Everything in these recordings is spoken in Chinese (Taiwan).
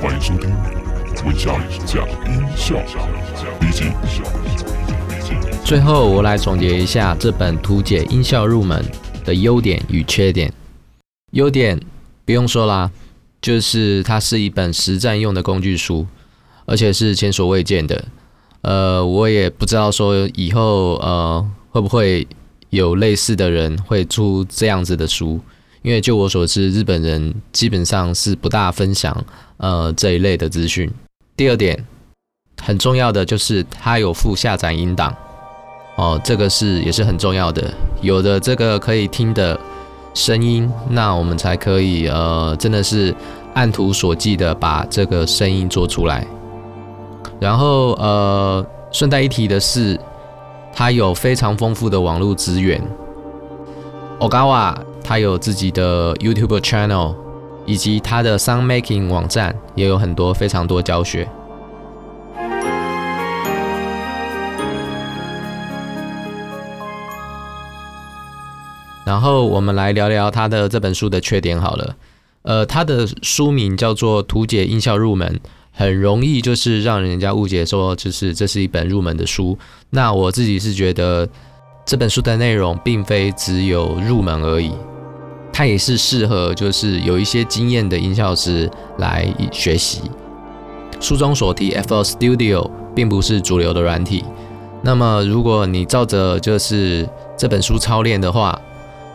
歡迎收聽《微笑音效》最後，我來總結一下這本《圖解音效入門》的優點與缺點。優點不用說啦，就是它是一本實戰用的工具書，而且是前所未見的。呃，我也不知道說以後呃會不會有類似的人會出這樣子的書。因為就我所知，日本人基本上是不大分享呃這一類的資訊。第二點很重要的就是它有附下載音檔，哦、呃，這個是也是很重要的，有的這個可以聽的聲音，那我們才可以呃真的是按圖索驥的把這個聲音做出來。然後呃，順帶一提的是，它有非常豐富的網絡資源，OGAWA 他有自己的 YouTube channel，以及他的 Sound Making 網站，也有很多非常多教學。然後我們來聊聊他的這本書的缺點好了。呃，他的書名叫做《圖解音效入門》，很容易就是讓人家誤解說，就是這是一本入門的書。那我自己是覺得這本書的內容並非只有入門而已。它也是適合，就是有一些經驗的音效師來學習。書中所提 FL Studio 並不是主流的軟體。那麼，如果你照着就是這本書操練的話，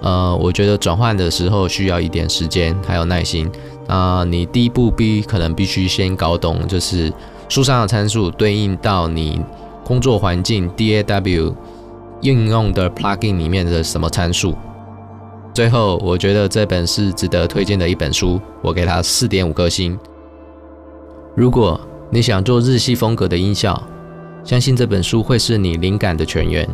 呃，我覺得轉換的時候需要一點時間還有耐心。啊，你第一步必可能必須先搞懂，就是書上的參數對應到你工作環境 DAW 應用的 plugin 裡面的什麼參數。最後，我覺得這本是值得推薦的一本書，我給它四點五顆星。如果你想做日系風格的音效，相信這本書會是你靈感的泉源。